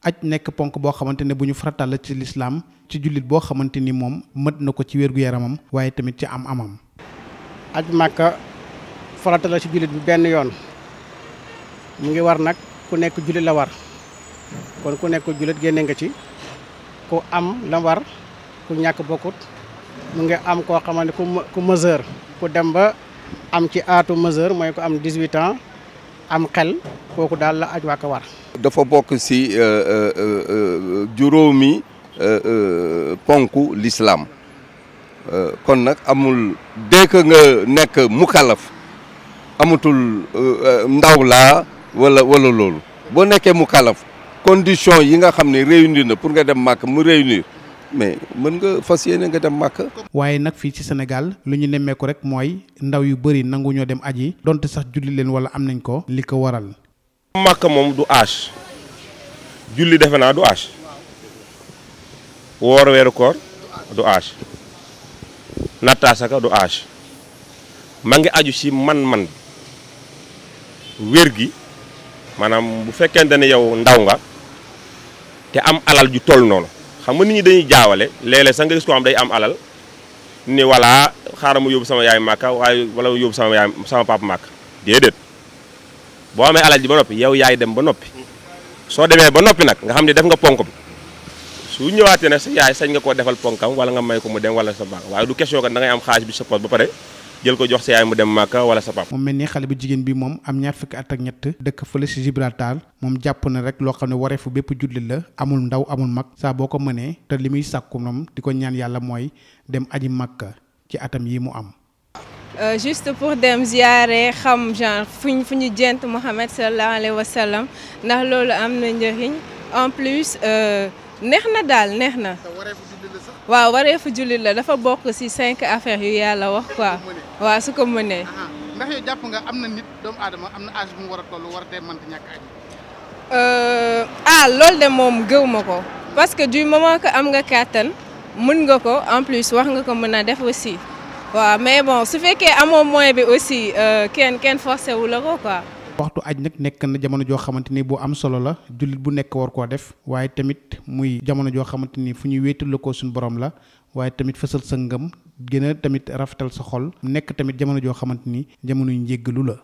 aj nekk ponk boo xamante ne bu ñu faratal la ci lislaam ci jullit boo xamante ni moom mët na ko ci wérgu yaramam waaye tamit ci am amam aj màkka farata la ci jullit bi benn yoon mu ngi war nag ku nekk jullit la war kon ku nekk jullit génne nga ci ku am la war ku ñàkk bokkut mu ngi am koo xamante ku mesure ku dem ba am ci aatu mesure mooy ko am 18 ans am xel kooku daal la aj waaka war dafa bokk si euh, euh, euh, juróomi ponku l'islam kon nag amul dès que nga nekk mukallaf amatul ndaw laa wala wala loolu boo nekkee mukallaf condition yi nga xam ne réunir na pour nga dem màkk mu réunir mais mën nga fas yéene nga dem màkk. waaye nag fii ci Sénégal lu ñu nemmeeku rek mooy ndaw yu bëri nangu ñoo dem aji donte sax julli leen wala am nañ ko li ko waral. màkk moom du âge julli defe naa du âge woor weeru koor du âge nattaasaka du âge ma ngi aju ci man-man wér gi maanaam bu fekkente ne yow ndaw nga te am alal ju toll noonu. xam nga nit ñi dañuy jaawale léeg-léeg sax nga gis ko am day am alal ni voilà xaaral ma yóbbu sama yaay màkka waaye wala yóbbu sama yaay sama papa màkk déedéet boo amee alal ji ba noppi yow yaay dem ba noppi soo demee ba noppi nag nga xam ne def nga ponk bi su ñëwaatee nag sa yaay sañ nga koo defal ponkam wala nga may ko mu dem wala sa baax waaye du question que da am xaalis bi sa poche ba pare jël ko jox sa yaay mu dem maka wala sa papa mom melni xale bu jigen bi mom am ñaar fukk at ak ñett dekk fele ci gibraltar mom japp na rek lo xamne waré fu bepp julli la amul ndaw amul mak sa boko mené te limuy sakku mom diko ñaan yalla moy dem aji makka ci atam yi mu am Euh, juste pour dem ziaré xam genre fuñ fuñu jent mohammed sallallahu alaihi wasallam ndax lolu am na ndariñ en plus euh nexna dal nexna wa waré la dafa bok ci cinq affaires yu yalla wax quoi. âge euh, ah l'ol de mom parce que du moment que am nga katan mën nga ko en plus wax nga ko aussi. mais bon su féké amo moyen bi aussi euh, ken ken forcé wu la quoi. waxtu aj nak nek na jamono jo xamanteni bu am solo la julit bu nek war ko def waye tamit muy jamono jo xamanteni fu ñu wétal ko borom la waye tamit fessel sa ngam gëna tamit raftal sa xol nek tamit jamono jo xamanteni jamono ñu jéggelu la